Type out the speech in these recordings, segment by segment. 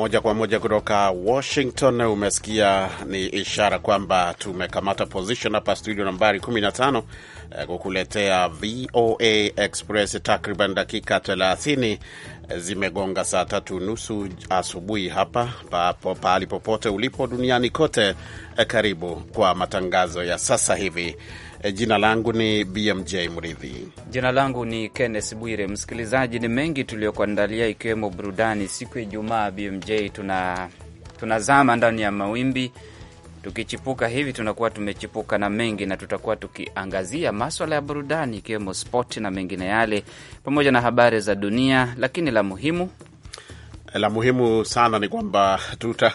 moja kwa moja kutoka Washington. Umesikia ni ishara kwamba tumekamata position hapa studio nambari 15 eh, kukuletea VOA Express. Takriban dakika 30 eh, zimegonga saa tatu nusu asubuhi hapa papo, pahali popote ulipo duniani kote. Eh, karibu kwa matangazo ya sasa hivi Eh, jina langu ni BMJ Mridhi. Jina langu ni Kenneth Bwire. Msikilizaji, ni mengi tuliyokuandalia, ikiwemo burudani siku ya Ijumaa. BMJ, tuna tunazama ndani ya mawimbi tukichipuka hivi tunakuwa tumechipuka na mengi, na tutakuwa tukiangazia maswala ya burudani ikiwemo spoti na mengine yale, pamoja na habari za dunia. Lakini la muhimu la muhimu sana ni kwamba tuta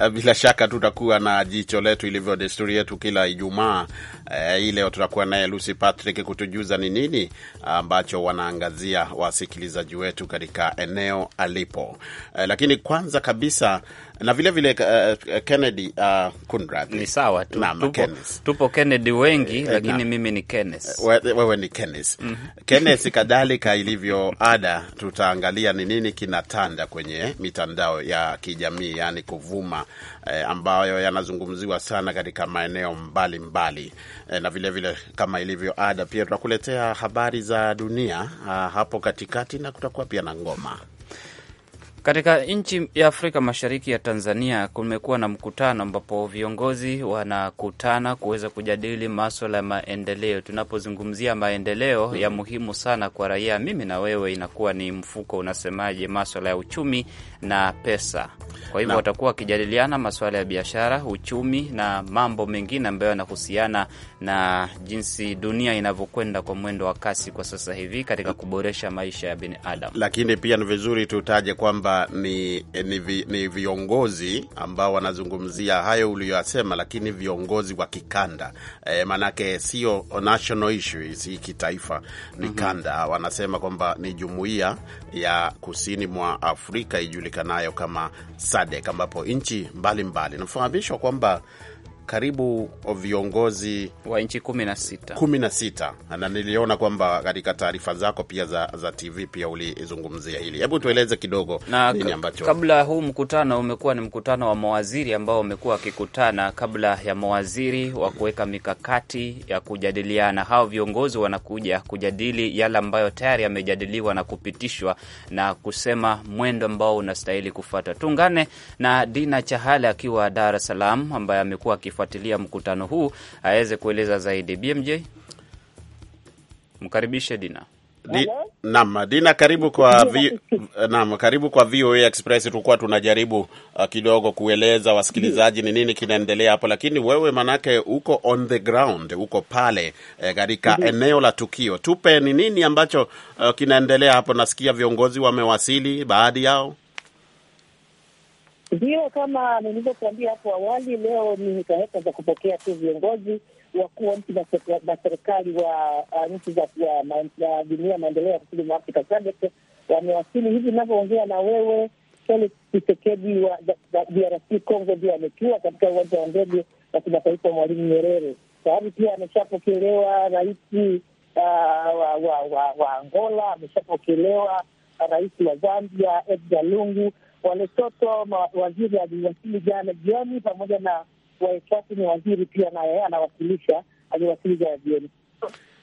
bila shaka tutakuwa na jicho letu ilivyo desturi yetu kila Ijumaa Eh, hii leo tutakuwa naye Lucy Patrick kutujuza ni nini ambacho wanaangazia wasikilizaji wetu katika eneo alipo. Eh, lakini kwanza kabisa na vile vile uh, Kennedy uh, ah, Kunrad ni sawa tu, na, tupo, tupo Kennedy wengi eh, lakini na, mimi ni Kenneth, wewe, eh, wewe ni Kenneth mm -hmm. Kenneth kadhalika ilivyo ada, tutaangalia ni nini kinatanda kwenye mitandao ya kijamii yani kuvuma, eh, ambayo yanazungumziwa sana katika maeneo mbalimbali mbali. Eh, na vilevile vile, kama ilivyo ada, pia tutakuletea habari za dunia ah, hapo katikati na kutakuwa pia na ngoma. Katika nchi ya Afrika Mashariki ya Tanzania kumekuwa na mkutano ambapo viongozi wanakutana kuweza kujadili maswala ya maendeleo. Tunapozungumzia maendeleo ya muhimu sana kwa raia, mimi na wewe, inakuwa ni mfuko unasemaje, maswala ya uchumi na pesa. Kwa hivyo watakuwa wakijadiliana maswala ya biashara, uchumi na mambo mengine ambayo yanahusiana na jinsi dunia inavyokwenda kwa mwendo wa kasi kwa sasa hivi katika kuboresha maisha ya binadamu. Lakini pia ni vizuri tutaje kwamba kwamba ni, ni, vi, ni viongozi ambao wanazungumzia hayo uliyoyasema, lakini viongozi wa kikanda e, eh, maanake sio national issue, si kitaifa, ni mm -hmm. kanda. Wanasema kwamba ni jumuiya ya kusini mwa Afrika ijulikanayo kama SADC ambapo nchi mbalimbali nafahamishwa kwamba karibu viongozi wa nchi 16 16 na niliona kwamba katika taarifa zako pia za, za TV pia ulizungumzia hili. Hebu tueleze kidogo na nini ambacho kabla. Huu mkutano umekuwa ni mkutano wa mawaziri ambao wamekuwa wakikutana kabla ya mawaziri wa kuweka mikakati ya kujadiliana. Hao viongozi wanakuja kujadili yale ambayo tayari yamejadiliwa na kupitishwa na kusema mwendo ambao unastahili kufuata. Tuungane na Dina Chahale akiwa Dar es Salaam ambaye amekuwa akifuatilia mkutano huu aweze kueleza zaidi. BMJ, mkaribishe Dina. Di, Dina, karibu kwa vi, naam, karibu kwa VOA Express. Tulikuwa tunajaribu uh, kidogo kueleza wasikilizaji ni nini kinaendelea hapo, lakini wewe manake uko on the ground, uko pale eh, katika eh, eneo la tukio. Tupe ni nini ambacho uh, kinaendelea hapo. Nasikia viongozi wamewasili, baadhi yao ndio, kama nilivyokuambia hapo awali, leo ni hekaheka za kupokea tu viongozi wakuu wa nchi na serikali wa nchi za jumuia ya maendeleo ya kusini mwa Afrika SADC wamewasili hivi inavyoongea na wewe. Felix Tshisekedi wa DRC Congo ndio ametua katika uwanja wa ndege wa kimataifa Mwalimu Nyerere. Tayari pia ameshapokelewa rais ah, wa Angola, ameshapokelewa rais wa Zambia Edgar Lungu Walesotho waziri aliwasili jana jioni, pamoja na Waeswatini ni waziri pia naye anawasilisha aliwasili jana jioni.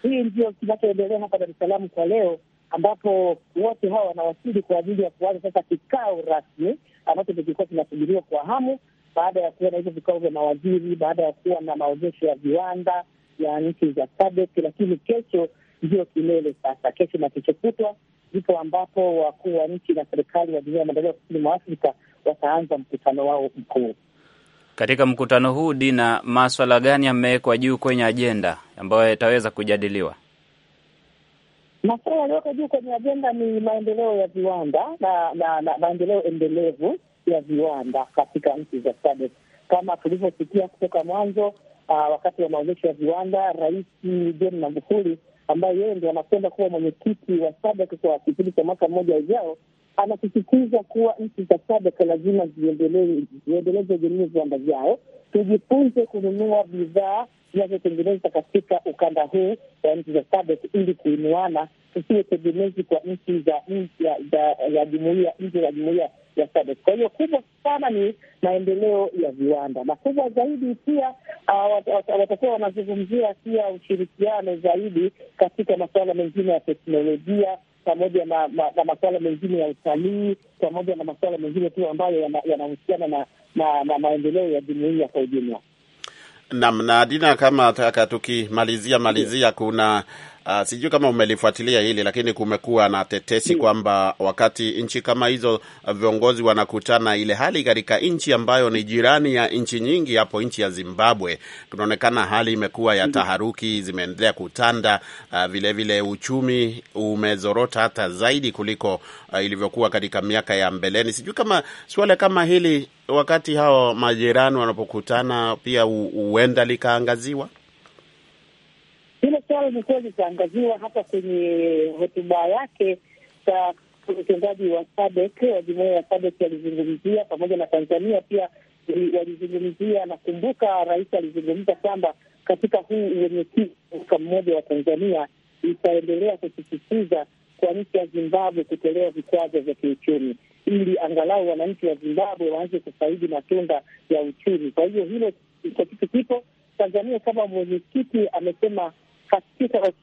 Hii ndio kinachoendelea hapa Dar es Salaam kwa leo, ambapo wote hawa wanawasili kwa ajili ya kuanza sasa kikao rasmi ambacho kilikuwa kinasubiriwa kwa hamu, baada ya kuwa na hivyo vikao vya mawaziri, baada ya kuwa na maonyesho ya viwanda ya nchi za SADC, lakini kesho ndio kilele sasa. Kesho na kesho kutwa ndipo ambapo wakuu wa nchi na serikali wa jumuiya ya maendeleo kusini mwa Afrika wataanza mkutano wao mkuu. Katika mkutano huu, Dina, maswala gani yamewekwa juu kwenye ajenda ambayo yataweza kujadiliwa? maswala yaliyoko juu kwenye ajenda ni maendeleo ya viwanda na, na, na maendeleo endelevu ya viwanda katika nchi za SADC kama tulivyosikia kutoka mwanzo. Uh, wakati wa maonyesho ya viwanda, Rais John Magufuli ambaye yeye ndio anakwenda kuwa mwenyekiti wa SADC kwa kipindi cha mwaka mmoja ujao, anasisitiza kuwa nchi za SADC lazima ziendeleze vyenyewe viwanda vyao, tujifunze kununua bidhaa zinazotengeneza katika ukanda huu wa nchi za SADC ili kuinuana, tusiwe tegemezi kwa nchi za ya jumuia nje ya jumuia ya SADC. Kwa hiyo kubwa sana ni maendeleo ya viwanda, na kubwa zaidi pia uh, watakuwa wanazungumzia pia ushirikiano zaidi katika masuala mengine ya teknolojia pamoja na, na, na masuala mengine ya utalii pamoja na masuala mengine tu ambayo yanahusiana na, na, na maendeleo ya jumuiya kwa ujumla. Naam, na Dina, kama taka tukimalizia malizia, kuna Uh, sijui kama umelifuatilia hili lakini kumekuwa na tetesi mm. kwamba wakati nchi kama hizo ah, viongozi wanakutana, ile hali katika nchi ambayo ni jirani ya nchi nyingi hapo, nchi ya Zimbabwe, kunaonekana hali imekuwa ya mm. taharuki, zimeendelea kutanda vilevile. Ah, uh, vile uchumi umezorota hata zaidi kuliko uh, ilivyokuwa katika miaka ya mbeleni. Sijui kama suala kama hili wakati hao majirani wanapokutana pia huenda likaangaziwa. Hilo swala limekuwa litaangaziwa hata kwenye hotuba yake sa utendaji wa SADC wa jumuia ya SADC alizungumzia pamoja na Tanzania pia walizungumzia. Nakumbuka rais alizungumza kwamba katika huu uwenyekiti mwaka mmoja wa Tanzania itaendelea kusisitiza kwa nchi ya Zimbabwe kutolewa vikwazo vya kiuchumi ili angalau wananchi wa Zimbabwe waanze kufaidi matunda ya uchumi. Kwa hiyo hilo kwa kitu kipo Tanzania kama mwenyekiti amesema katika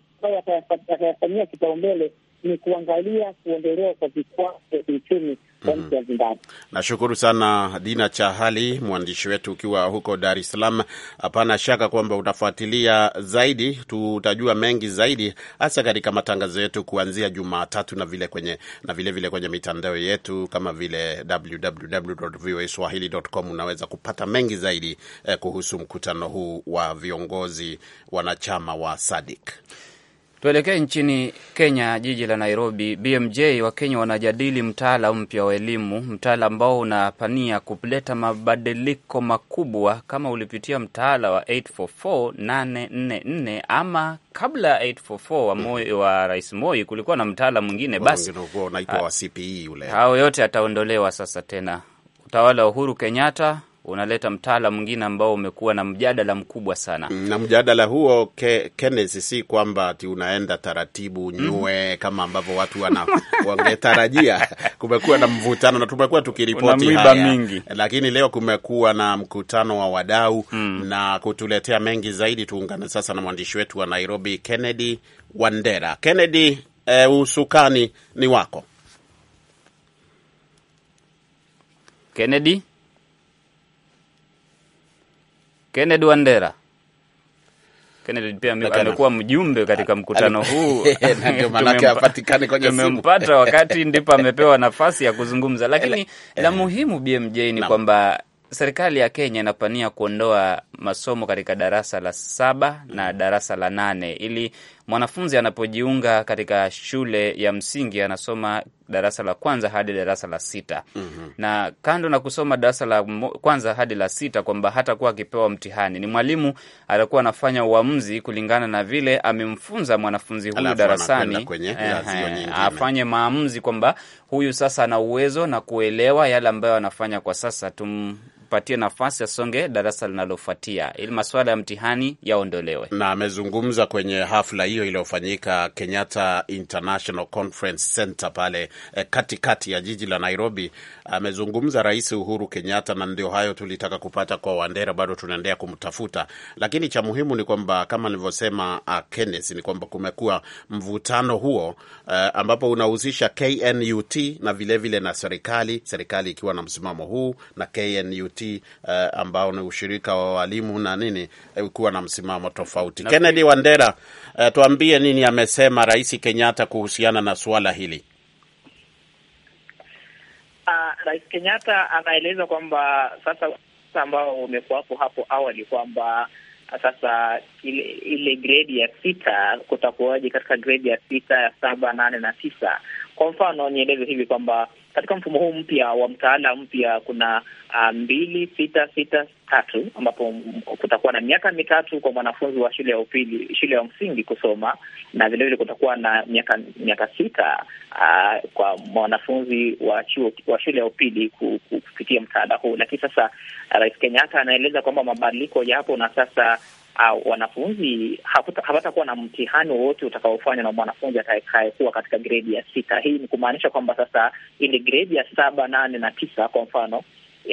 yatayafanyia kipaumbele ni kuangalia kuondolewa kwa vikwazo vya kiuchumi kwa mhm. nchi ya Zimbabwe. Nashukuru sana Dina Chahali, mwandishi wetu ukiwa huko Dar es Salaam. Hapana shaka kwamba utafuatilia zaidi, tutajua mengi zaidi, hasa katika matangazo yetu kuanzia Jumatatu na vile kwenye na vile vile kwenye mitandao yetu kama vile www.voaswahili.com. Unaweza kupata mengi zaidi eh, kuhusu mkutano huu wa viongozi wanachama wa SADC. Tuelekee nchini Kenya, jiji la Nairobi. BMJ Wakenya wanajadili mtaala mpya wa elimu, mtaala ambao unapania kuleta mabadiliko makubwa. Kama ulipitia mtaala wa 844 844 ama kabla ya 844 wa, wa Rais Moi kulikuwa na mtaala mwingine, basi e hao yote ataondolewa sasa. Tena utawala wa Uhuru Kenyatta unaleta mtaala mwingine ambao umekuwa na mjadala mkubwa sana, mm, na mjadala huo ke, Kenneth, si kwamba ati unaenda taratibu nyue mm. Mm-hmm. kama ambavyo watu wana, wangetarajia. Kumekuwa na mvutano na tumekuwa tukiripoti haya mingi, lakini leo kumekuwa na mkutano wa wadau mm. na kutuletea mengi zaidi. Tuungane sasa na mwandishi wetu wa Nairobi Kennedy Wandera. Kennedy, eh, usukani ni wako Kennedy. Kennedy Wandera. Kennedy pia amekuwa mjumbe katika mkutano huu eh, ndio kwenye simu. Tumempata wakati ndipo amepewa nafasi ya kuzungumza, lakini la eh. muhimu BMJ ni kwamba serikali ya Kenya inapania kuondoa masomo katika darasa la saba na darasa la nane ili mwanafunzi anapojiunga katika shule ya msingi anasoma darasa la kwanza hadi darasa la sita. mm -hmm. Na kando na kusoma darasa la kwanza hadi la sita, kwamba hatakuwa akipewa mtihani, ni mwalimu atakuwa anafanya uamuzi kulingana na vile amemfunza mwanafunzi huyu darasani, afanye maamuzi kwamba huyu sasa ana uwezo na kuelewa yale ambayo anafanya kwa sasa tum tupatie nafasi asonge darasa linalofuatia ili masuala ya mtihani yaondolewe. Na amezungumza kwenye hafla hiyo iliyofanyika Kenyatta International Conference Center pale eh, katikati kati ya jiji la Nairobi. Amezungumza Rais Uhuru Kenyatta, na ndio hayo tulitaka kupata kwa Wandera, bado tunaendelea kumtafuta, lakini cha muhimu ni kwamba kama nilivyosema, uh, Kenneth, ni kwamba kumekuwa mvutano huo uh, ambapo unahusisha KNUT na vilevile vile na serikali, serikali ikiwa na msimamo huu na KNUT tofauti uh, eh, ambao ni ushirika wa walimu na nini eh, kuwa na msimamo tofauti. Kennedy Wandera, uh, tuambie nini amesema Rais Kenyatta kuhusiana na suala hili. Uh, Rais Kenyatta anaeleza kwamba sasa ambao umekuwapo hapo awali kwamba sasa ile, ile gredi ya sita kutakuwaje katika gredi ya sita, ya saba, nane na tisa. Kwa mfano nieleze hivi kwamba katika mfumo huu mpya wa mtaala mpya kuna uh, mbili sita sita tatu ambapo kutakuwa na miaka mitatu kwa mwanafunzi wa shule ya upili, shule ya msingi kusoma na vilevile kutakuwa na miaka miaka sita uh, kwa mwanafunzi wa chuo wa shule ya upili kupitia mtaala huu. Lakini sasa Rais Kenyatta anaeleza kwamba mabadiliko yapo na sasa uh, wanafunzi hawatakuwa na mtihani wowote utakaofanywa na mwanafunzi atakayekuwa katika gredi ya sita. Hii ni kumaanisha kwamba sasa ile gredi ya saba, nane na tisa kwa mfano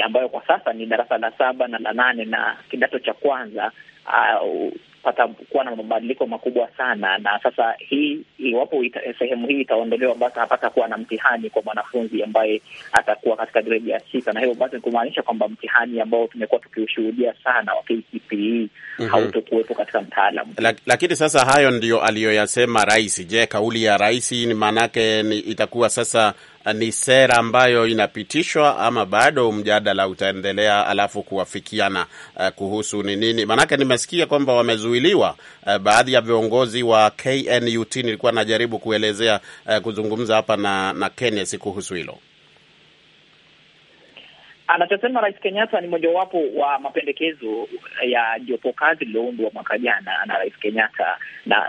ambayo kwa sasa ni darasa la saba na la nane na kidato cha kwanza uh, patakuwa na mabadiliko makubwa sana. Na sasa hii, iwapo sehemu hii itaondolewa, basi hapatakuwa na mtihani kwa mwanafunzi ambaye atakuwa katika gredi ya sita, na hivyo basi kumaanisha kwamba mtihani ambao tumekuwa tukiushuhudia sana wa KCPE mm -hmm. hautokuwepo katika mtaalam La, lakini sasa hayo ndio aliyoyasema rais. Je, kauli ya rais ni maanake itakuwa sasa ni sera ambayo inapitishwa ama bado mjadala utaendelea, alafu kuwafikiana eh, kuhusu ni nini? Maanake nimesikia kwamba wamezuiliwa eh, baadhi ya viongozi wa KNUT. Nilikuwa najaribu kuelezea eh, kuzungumza hapa na, na Kenneth kuhusu hilo. Anachosema Rais Kenyatta ni mojawapo wa mapendekezo ya jopo kazi lililoundwa mwaka jana na Rais Kenyatta na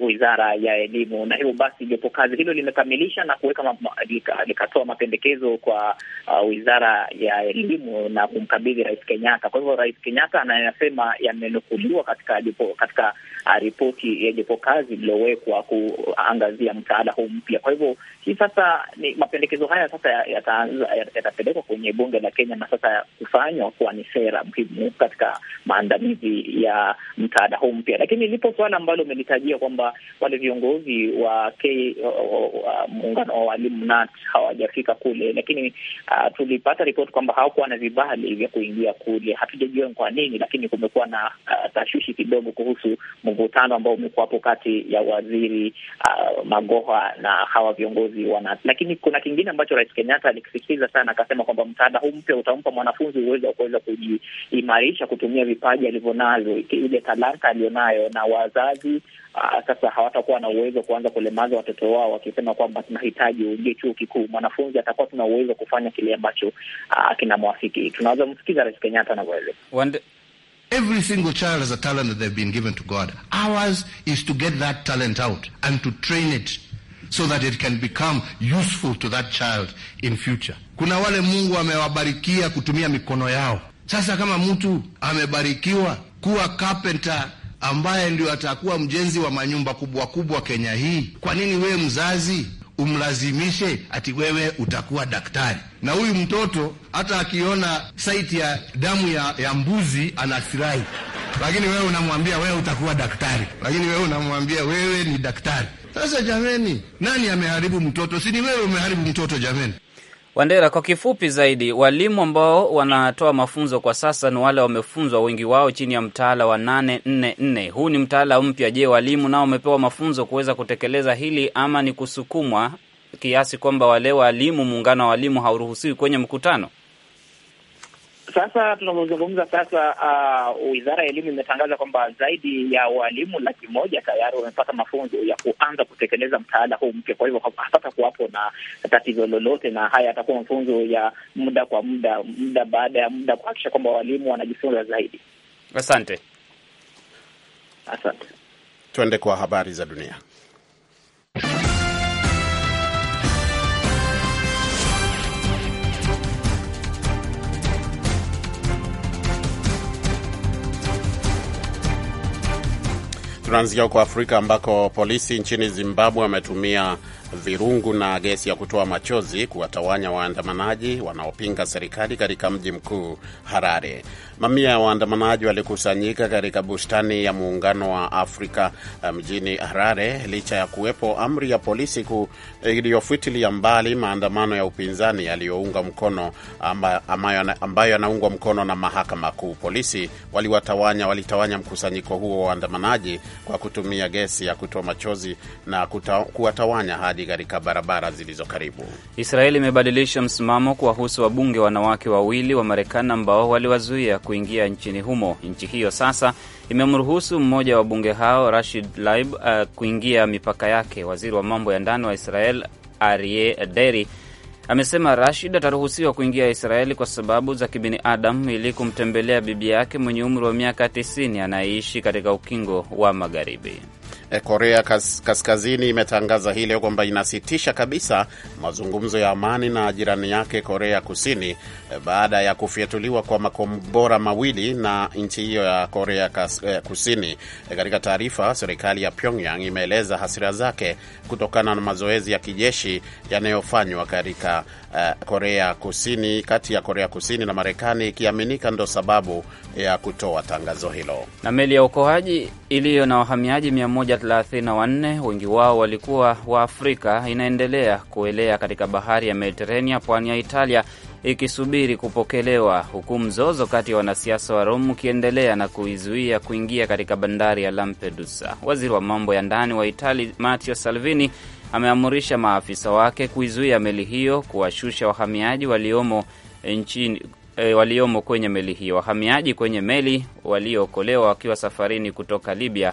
wizara ya elimu, na hivyo basi jopo kazi hilo limekamilisha na kuweka ma, lika, likatoa mapendekezo kwa uh, wizara ya elimu na kumkabidhi Rais Kenyatta. Kwa hivyo Rais Kenyatta anayasema yamenukuliwa katika jopo, katika uh, ripoti ya jopo kazi lililowekwa kuangazia mtaala huu mpya. Kwa hivyo hii sasa ni mapendekezo haya sasa yatapelekwa ya, ya, ya, ya, kwenye bunge la Kenya na sasa kufanywa kuwa ni sera muhimu katika maandalizi ya mtaada huu mpya. Lakini lipo suala ambalo umelitajia kwamba wale viongozi wa muungano wa walimu NAT hawajafika kule, lakini uh, tulipata ripoti kwamba hawakuwa na vibali vya kuingia kule. Hatujajua kwa nini, lakini kumekuwa na uh, tashwishi kidogo kuhusu mvutano ambao umekuwapo kati ya waziri uh, Magoha na hawa viongozi wa NAT. Lakini kuna kingine ambacho Rais Kenyatta alikisisitiza sana, akasema kwamba mtaada huu mpya utampa mwanafunzi uwezo wa kuweza kujiimarisha, kutumia vipaji alivyonavyo, ile talanta aliyonayo, na wazazi aa, ah, sasa hawatakuwa na uwezo wa kuanza kulemaza watoto wao wakisema kwamba tunahitaji uingie chuo kikuu. Mwanafunzi atakuwa tuna uwezo wa kufanya kile ambacho ah, kinamwafiki. Tunaweza msikiza Rais Kenyatta anavyoeleza. Every single child has a talent that they've been given to God. Ours is to get that talent out and to train it so that it can become useful to that child in future. Kuna wale Mungu amewabarikia kutumia mikono yao. Sasa kama mtu amebarikiwa kuwa carpenter ambaye ndio atakuwa mjenzi wa manyumba kubwa kubwa Kenya hii, kwa nini wewe mzazi umlazimishe ati wewe utakuwa daktari? Na huyu mtoto hata akiona saiti ya damu ya, ya mbuzi anafurahi, lakini wewe unamwambia wewe utakuwa daktari, lakini wewe unamwambia wewe ni daktari. Sasa jameni, nani ameharibu mtoto? Si ni wewe umeharibu mtoto jameni. Wandera, kwa kifupi zaidi, walimu ambao wanatoa mafunzo kwa sasa ni wale wamefunzwa, wengi wao chini ya mtaala wa nane nne nne. Huu ni mtaala mpya. Je, walimu nao wamepewa mafunzo kuweza kutekeleza hili ama ni kusukumwa kiasi kwamba wale walimu, muungano wa walimu hauruhusiwi kwenye mkutano? Sasa tunavyozungumza sasa, uh, wizara ya elimu imetangaza kwamba zaidi ya walimu laki moja tayari wamepata mafunzo ya kuanza kutekeleza mtaala huu mpya. Kwa hivyo hapata kuwapo na tatizo lolote, na haya yatakuwa mafunzo ya muda kwa muda, muda baada ya muda, kuhakikisha kwamba walimu wanajifunza zaidi. Asante, asante. Tuende kwa habari za dunia. Tunaanzia huko Afrika ambako polisi nchini Zimbabwe wametumia virungu na gesi ya kutoa machozi kuwatawanya waandamanaji wanaopinga serikali katika mji mkuu Harare. Mamia ya waandamanaji walikusanyika katika bustani ya muungano wa Afrika eh, mjini Harare licha ya kuwepo amri ya polisi eh, iliyofitilia mbali maandamano ya upinzani yaliyounga mkono amba, ambayo yanaungwa mkono na mahakama kuu. Polisi waliwatawanya walitawanya mkusanyiko huo wa waandamanaji kwa kutumia gesi ya kutoa machozi na kuta, kuwatawanya hadi katika barabara zilizo karibu. Israeli imebadilisha msimamo kuwahusu wabunge wanawake wawili wa Marekani ambao waliwazuia kuingia nchini humo. Nchi hiyo sasa imemruhusu mmoja wa bunge hao Rashid Laib uh, kuingia mipaka yake. Waziri wa mambo ya ndani wa Israel arie Deri amesema Rashid ataruhusiwa kuingia Israeli kwa sababu za kibinadamu ili kumtembelea bibi yake mwenye umri wa miaka 90 anayeishi katika ukingo wa Magharibi. Eh, Korea Kaskazini imetangaza hii leo kwamba inasitisha kabisa mazungumzo ya amani na jirani yake Korea Kusini eh, baada ya kufyatuliwa kwa makombora mawili na nchi hiyo ya Korea eh, Kusini. Katika taarifa, serikali ya Pyongyang imeeleza hasira zake kutokana na mazoezi ya kijeshi yanayofanywa katika uh, Korea Kusini, kati ya Korea Kusini na Marekani, ikiaminika ndo sababu ya kutoa tangazo hilo. Na meli ya uokoaji iliyo na wahamiaji 34 wengi wao walikuwa wa Afrika, inaendelea kuelea katika bahari ya Mediterania, pwani ya Italia ikisubiri kupokelewa, huku mzozo kati ya wanasiasa wa Rome ukiendelea na kuizuia kuingia katika bandari ya Lampedusa. Waziri wa mambo ya ndani wa Itali Matteo Salvini ameamurisha maafisa wake kuizuia meli hiyo kuwashusha wahamiaji waliomo nchini E, waliomo kwenye meli hiyo. Wahamiaji kwenye meli waliookolewa wakiwa safarini kutoka Libya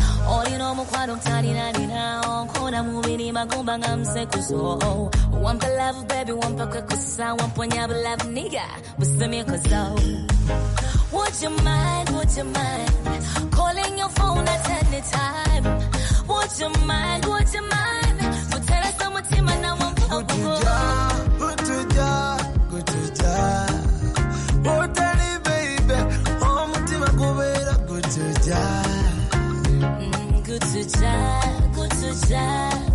olina omukwano talinanina mubiri magumba nga musekuzo wampa love baby wampaka kusa wamponya bulove niga busimye Would you mind, would you mind calling your phone at any time? Would you mind, would you mind? But tell us how much time and I want to go. desire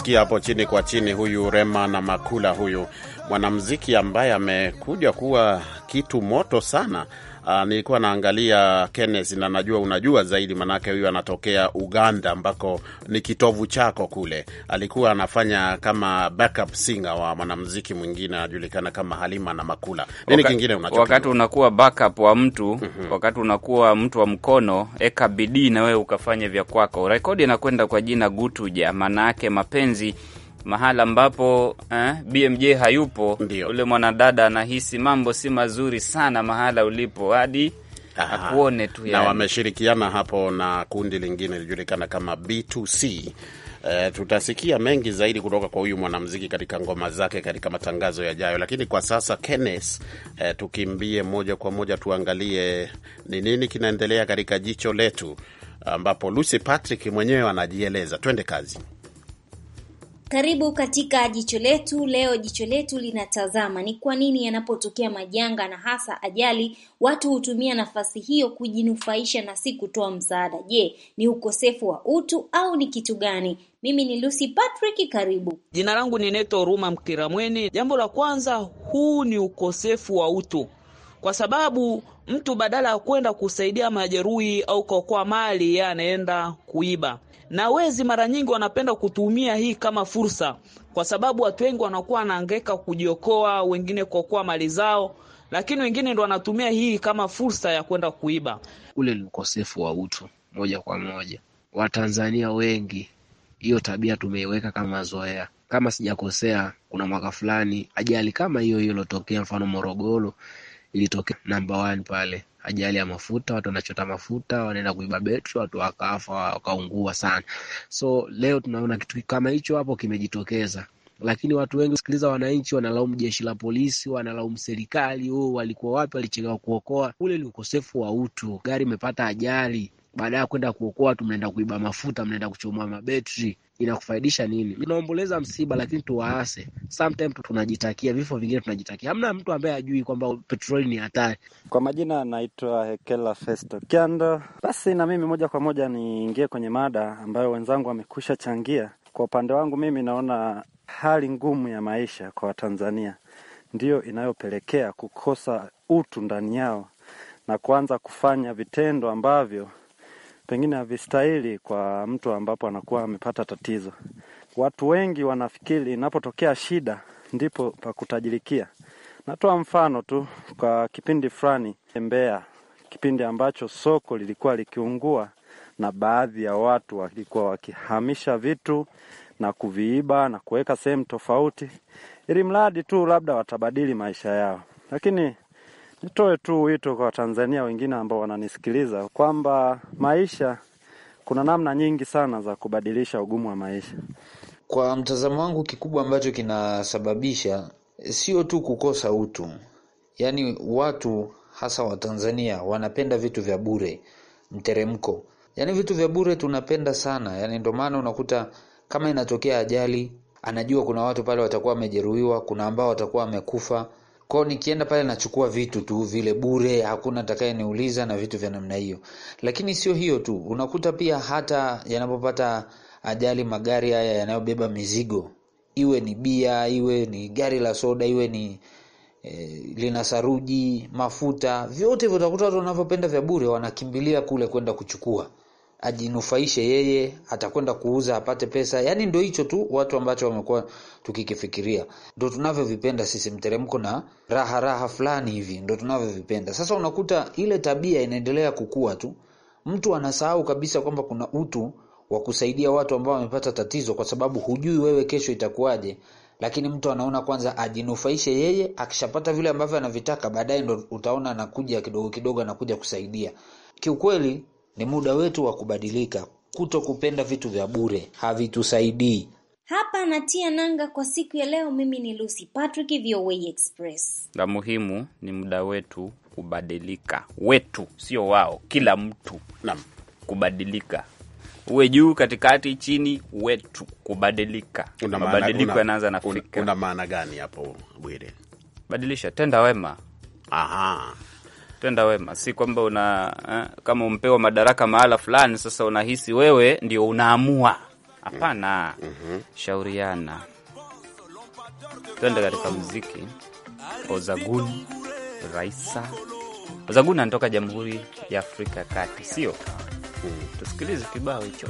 Umemsikia hapo chini kwa chini, huyu Rema na Makula, huyu mwanamuziki ambaye amekuja kuwa kitu moto sana Uh, nilikuwa naangalia Kenneth, na najua unajua zaidi, manake huyu anatokea Uganda ambako ni kitovu chako kule. Alikuwa anafanya kama backup singer wa mwanamuziki mwingine anajulikana kama Halima na Makula. Nini kingine unachokijua wakati unakuwa backup wa mtu mm -hmm. wakati unakuwa mtu wa mkono, eka bidii na wewe ukafanye vya kwako. Rekodi inakwenda kwa jina Gutuja, maana yake mapenzi mahala ambapo eh, BMJ hayupo Ndiyo. Ule mwanadada anahisi mambo si mazuri sana mahala ulipo hadi akuone tu yani. Na wameshirikiana hapo na kundi lingine lilijulikana kama B2C. Uh, eh, tutasikia mengi zaidi kutoka kwa huyu mwanamuziki katika ngoma zake katika matangazo yajayo, lakini kwa sasa Kenneth, uh, tukimbie moja kwa moja tuangalie ni nini kinaendelea katika jicho letu ambapo Lucy Patrick mwenyewe anajieleza. Twende kazi. Karibu katika jicho letu. Leo jicho letu linatazama ni kwa nini yanapotokea majanga na hasa ajali, watu hutumia nafasi hiyo kujinufaisha na si kutoa msaada. Je, ni ukosefu wa utu au ni kitu gani? Mimi ni Lucy Patrick, karibu. Jina langu ni Neto ruma Mkiramweni. Jambo la kwanza, huu ni ukosefu wa utu, kwa sababu mtu badala ya kwenda kusaidia majeruhi au kuokoa mali, yeye anaenda kuiba na wezi mara nyingi wanapenda kutumia hii kama fursa, kwa sababu watu wengi wanakuwa wanahangaika kujiokoa, wengine kuokoa mali zao, lakini wengine ndo wanatumia hii kama fursa ya kwenda kuiba. Ule ni ukosefu wa utu moja kwa moja. Watanzania wengi hiyo tabia tumeiweka kama mazoea. Kama sijakosea, kuna mwaka fulani ajali kama hiyo hiyo ilotokea, mfano Morogoro ilitokea namba one pale ajali ya mafuta, watu wanachota mafuta, wanaenda kuiba betri, watu wakafa wakaungua sana. So leo tunaona kitu kama hicho hapo kimejitokeza lakini watu wengi sikiliza, wananchi wanalaumu jeshi la polisi, wanalaumu serikali, oh, walikuwa wapi, walichelewa kuokoa. Ule ni ukosefu wa utu. Gari imepata ajali, baada ya kwenda kuokoa watu mnaenda kuiba mafuta, mnaenda kuchomoa mabetri, inakufaidisha nini? Tunaomboleza msiba, lakini tuwaase. Sometimes tunajitakia vifo vingine, tunajitakia. Hamna mtu ambaye ajui kwamba petroli ni hatari. Kwa majina anaitwa Hekela Festo Kyanda. Basi na mimi moja kwa moja niingie kwenye mada ambayo wenzangu wamekusha changia. Kwa upande wangu mimi naona hali ngumu ya maisha kwa Watanzania ndiyo inayopelekea kukosa utu ndani yao na kuanza kufanya vitendo ambavyo pengine havistahili kwa mtu ambapo anakuwa amepata tatizo. Watu wengi wanafikiri inapotokea shida ndipo pa kutajirikia. Natoa mfano tu kwa kipindi fulani tembea, kipindi ambacho soko lilikuwa likiungua na baadhi ya watu walikuwa wakihamisha vitu na kuviiba na kuweka sehemu tofauti, ili mradi tu labda watabadili maisha yao. Lakini Nitoe tu wito kwa Watanzania wengine ambao wananisikiliza kwamba maisha, kuna namna nyingi sana za kubadilisha ugumu wa maisha. Kwa mtazamo wangu, kikubwa ambacho kinasababisha sio tu kukosa utu, yaani watu hasa Watanzania wanapenda vitu vya bure, mteremko, yaani vitu vya bure tunapenda sana, yaani ndio maana unakuta kama inatokea ajali, anajua kuna watu pale watakuwa wamejeruhiwa, kuna ambao watakuwa wamekufa kwao nikienda pale nachukua vitu tu vile bure, hakuna atakayeniuliza na vitu vya namna hiyo. Lakini sio hiyo tu, unakuta pia hata yanapopata ajali magari haya yanayobeba mizigo, iwe ni bia, iwe ni gari la soda, iwe ni eh, lina saruji, mafuta, vyote hivyo utakuta watu wanavyopenda vya bure wanakimbilia kule kwenda kuchukua ajinufaishe yeye, atakwenda kuuza apate pesa. Yaani ndio hicho tu watu ambacho wamekuwa tukikifikiria, ndio tunavyovipenda sisi, mteremko na raha raha fulani hivi, ndio tunavyovipenda. Sasa unakuta ile tabia inaendelea kukua tu, mtu anasahau kabisa kwamba kuna utu wa kusaidia watu ambao wamepata tatizo, kwa sababu hujui wewe kesho itakuwaje. Lakini mtu anaona kwanza ajinufaishe yeye, akishapata vile ambavyo anavitaka, baadaye ndo utaona anakuja kidogo kidogo, anakuja kusaidia. Kiukweli ni muda wetu wa kubadilika kuto kupenda vitu vya bure havitusaidii hapa natia nanga kwa siku ya leo. Mimi ni Lucy Patrick, VOA Express. La muhimu ni muda wetu kubadilika, wetu sio wao, kila mtu nam kubadilika, uwe juu, katikati, chini, wetu kubadilika. Mabadiliko yanaanza na fikra. Una maana gani hapo Bwire? Badilisha, tenda wema. Aha tenda wema, si kwamba una eh, kama umpewa madaraka mahala fulani, sasa unahisi wewe ndio unaamua. Hapana, mm -hmm. Shauriana. Twende katika muziki. Ozagun Raisa. Ozagun anatoka Jamhuri ya Afrika ya Kati, sio? mm. Tusikilize kibao hicho.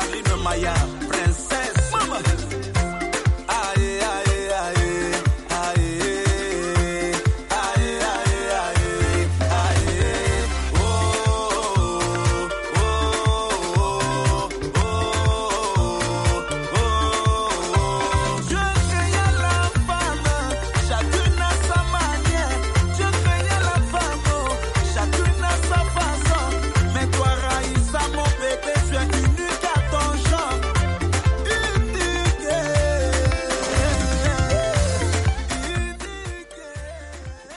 Charlie, my Maya.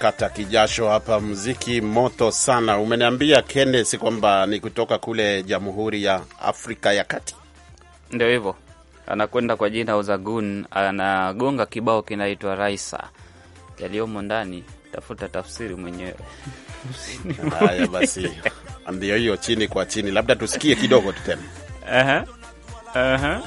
kata kijasho hapa. Mziki moto sana. Umeniambia Kennes kwamba ni kutoka kule Jamhuri ya Afrika ya Kati, ndio hivyo anakwenda kwa jina Uzagun, anagonga kibao kinaitwa Raisa. Yaliyomo ndani tafuta tafsiri mwenyewe. Haya basi, ndio hiyo, chini kwa chini, labda tusikie kidogo tutena. uh -huh. uh -huh.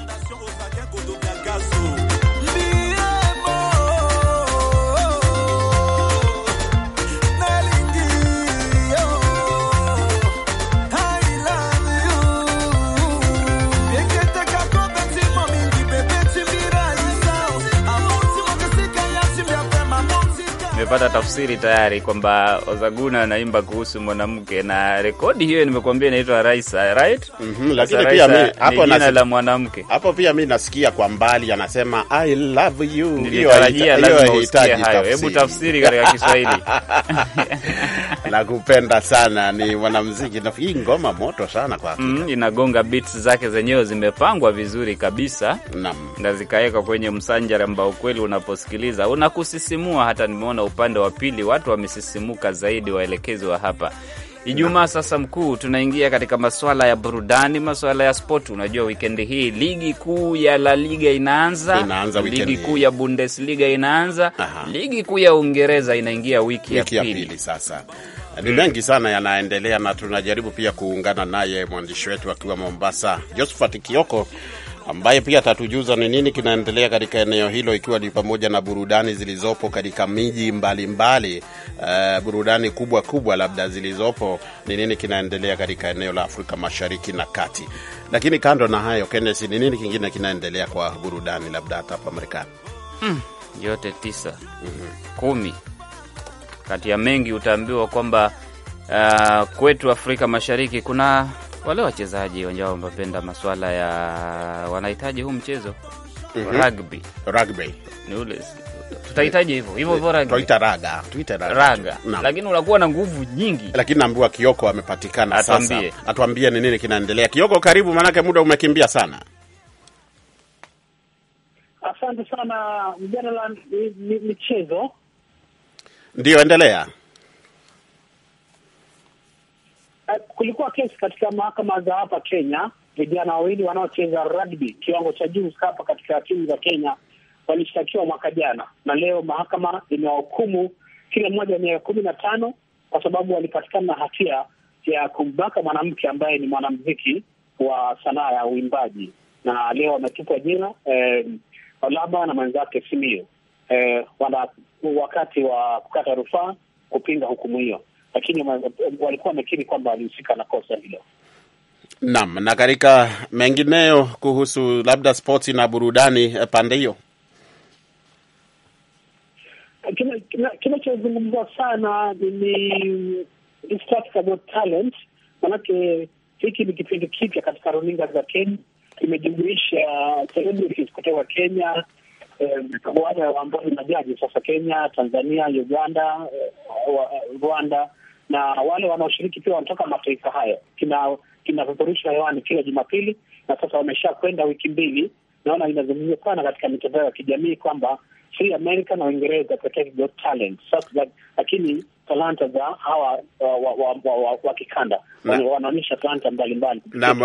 tumepata tafsiri tayari kwamba Ozaguna anaimba kuhusu mwanamke na rekodi hiyo nimekuambia inaitwa Raisa, right? mm -hmm, lakini pia mimi hapo na la mwanamke hapo pia mimi nasikia kwa mbali anasema I love you. Hiyo haihitaji tafsiri. Hebu tafsiri katika Kiswahili. Nakupenda sana, ni mwanamuziki na hii ngoma moto sana kwa hakika. Mm, inagonga beats zake zenyewe zimepangwa vizuri kabisa. Na zikaweka kwenye msanjari ambao kweli unaposikiliza unakusisimua hata nimeona upande wa pili watu wamesisimuka zaidi, waelekezi wa hapa Ijumaa sasa mkuu, tunaingia katika maswala ya burudani, maswala ya sport. Unajua wikendi hii ligi kuu ya La Liga inaanza, inaanza ligi kuu ya Bundesliga inaanza. Aha. ligi kuu ya Uingereza inaingia wiki, wiki ya pili. Ya pili sasa ni mengi sana yanaendelea, na tunajaribu pia kuungana naye mwandishi wetu akiwa Mombasa, Josephat Kioko ambaye pia atatujuza ni nini kinaendelea katika eneo hilo, ikiwa ni pamoja na burudani zilizopo katika miji mbalimbali mbali. Uh, eh, burudani kubwa kubwa labda zilizopo ni nini kinaendelea katika eneo la Afrika Mashariki na Kati. Lakini kando na hayo, Kenneth, ni nini kingine kinaendelea kwa burudani labda hata hapa Marekani? Mm, yote tisa mm -hmm. kumi kati ya mengi utaambiwa kwamba uh, kwetu Afrika Mashariki kuna wale wachezaji wenyewe wamependa maswala ya wanahitaji huu mchezo mm -hmm. rugby rugby ni ule tutahitaji hivyo hivyo hivyo raga tuita raga, lakini unakuwa na nguvu nyingi. Lakini naambiwa Kioko amepatikana, atuambie sasa, atuambie ni nini kinaendelea. Kioko, karibu, maanake muda umekimbia sana. Asante sana. Mjadala michezo, ndio endelea. Eh, kulikuwa kesi katika mahakama za hapa Kenya, vijana wawili wanaocheza rugby kiwango cha juu hapa katika timu za Kenya walishtakiwa mwaka jana, na leo mahakama imewahukumu kila mmoja miaka kumi na tano kwa sababu walipatikana na hatia ya kumbaka mwanamke ambaye ni mwanamziki wa sanaa ya uimbaji, na leo wametupwa jina eh, Olaba na mwenzake Simio eh, wana wakati wa kukata rufaa kupinga hukumu hiyo lakini walikuwa wamekiri kwamba walihusika na kosa hilo. Naam, na katika mengineyo kuhusu labda spoti na burudani eh, pande hiyo kinachozungumzwa sana ni talent, manake hiki ni kipindi kipya katika runinga za Kenya, kimejumuisha celebrities kutoka Kenya eh, wale ambao ni majaji sasa Kenya, Tanzania, Uganda, eh, Rwanda na wale wanaoshiriki pia wanatoka mataifa hayo. Kinapeperushwa kina hewani kila Jumapili na sasa wamesha kwenda wiki mbili. Naona inazungumzwa sana katika mitandao ya kijamii kwamba si Amerika na Uingereza pekee got talent sasa, lakini talanta za hawa wa kikanda wanaonyesha talanta mbalimbali. Naam,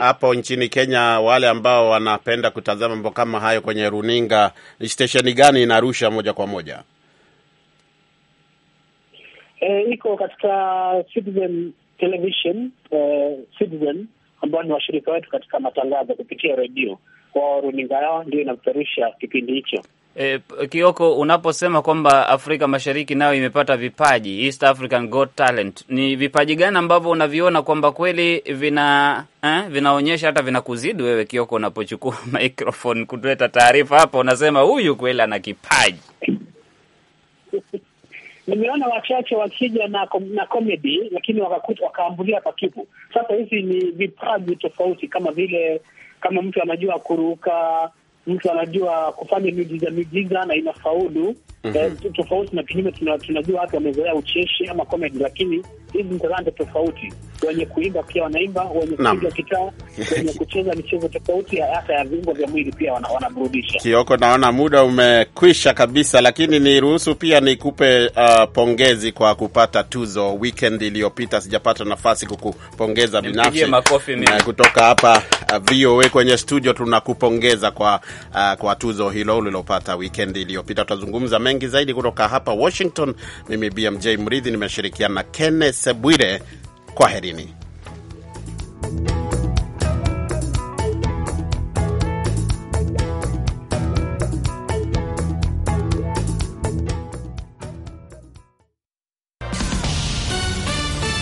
hapo nchini Kenya, wale ambao wanapenda kutazama mambo kama hayo kwenye runinga, stesheni gani inarusha moja kwa moja? e, iko katika Citizen Television, e, Citizen ambao ni washirika wetu katika matangazo kupitia redio, kwa runinga yao ndio inapeperusha kipindi hicho. E, Kioko, unaposema kwamba Afrika Mashariki nayo imepata vipaji, East African Got Talent, ni vipaji gani ambavyo unaviona kwamba kweli vina eh, vinaonyesha hata vinakuzidi wewe Kioko, unapochukua microphone kutuleta taarifa hapa, unasema huyu kweli ana kipaji nimeona wachache wakija na na comedy, lakini wakakuta wakaambulia pakipu. Sasa hizi ni vipaji tofauti, kama vile kama mtu anajua kuruka, mtu anajua kufanya miujiza miujiza na inafaulu. mm -hmm. Eh, tofauti na kinyume, tunajua watu wamezoea ucheshi ama comedy, lakini hizi ni talanta tofauti wenye kuimba pia wanaimba, wenye kupiga kitaa, wenye kucheza michezo tofauti, hata ya viungo vya mwili pia wanaburudisha. Kioko, naona muda umekwisha kabisa, lakini niruhusu pia nikupe uh, pongezi kwa kupata tuzo weekend iliyopita. Sijapata nafasi kukupongeza binafsi kutoka hapa uh, VOA kwenye studio, tunakupongeza kwa uh, kwa tuzo hilo ulilopata weekend iliyopita. Tutazungumza mengi zaidi kutoka hapa Washington. Mimi BMJ Mridhi nimeshirikiana na Kenneth Bwire. Kwaherini.